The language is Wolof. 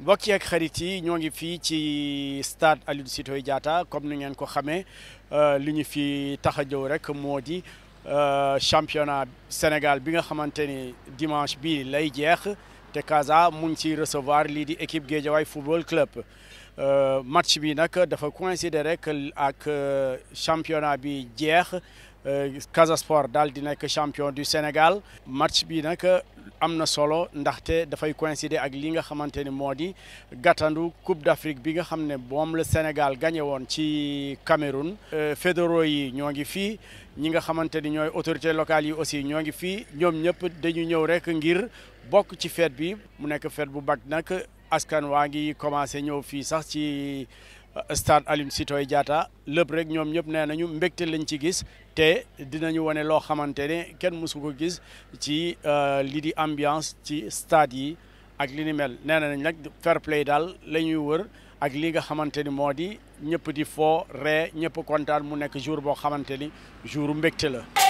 mbokk yi xarit yi ñoo ngi fii ci stade Aline Sitoé Diatta comme ni ngeen ko xamee euh, li ñu fi tax a jëw rek moo di euh, championnat Sénégal bi nga xamante ni dimanche bi lay jeex te Casa mu ngi ciy recevoir lii di équipe Guédiawaye football club. Euh, match bi nag dafa coïncider rek ak championnat bi jeex. Euh, Casasport, Sport daal di champion du Sénégal match bi nak euh, am solo ndaxte fay coïncider ak li nga xamanteni Modi, gatandu Coupe d'Afrique bi nga xam bom le Sénégal gagné won ci Cameroun. Euh, fédéraux yi ñoo fi ñi nga xamanteni ñoy autorité locale yi aussi ñoo fi ñom ñep dañu ñëw rek ngir bok ci fête bi mu nek fête bu bag nak askan waangi commencé ñëw fi sax ci. Euh, stade alime Sitoé jaata lépp rek ñoom ñëpp nee nañu mbégte lañ ci gis te dinañu wane loo xamante ne kenn mësu ko gis ci euh, lii di ambiance ci stade yi ak li ni mel nee nañ nag fair play daal la ñuy wër ak li nga xamante ni moo di ñëpp di fo ree ñëpp kontaan mu nekk jour boo xamante ni jour mbégte la.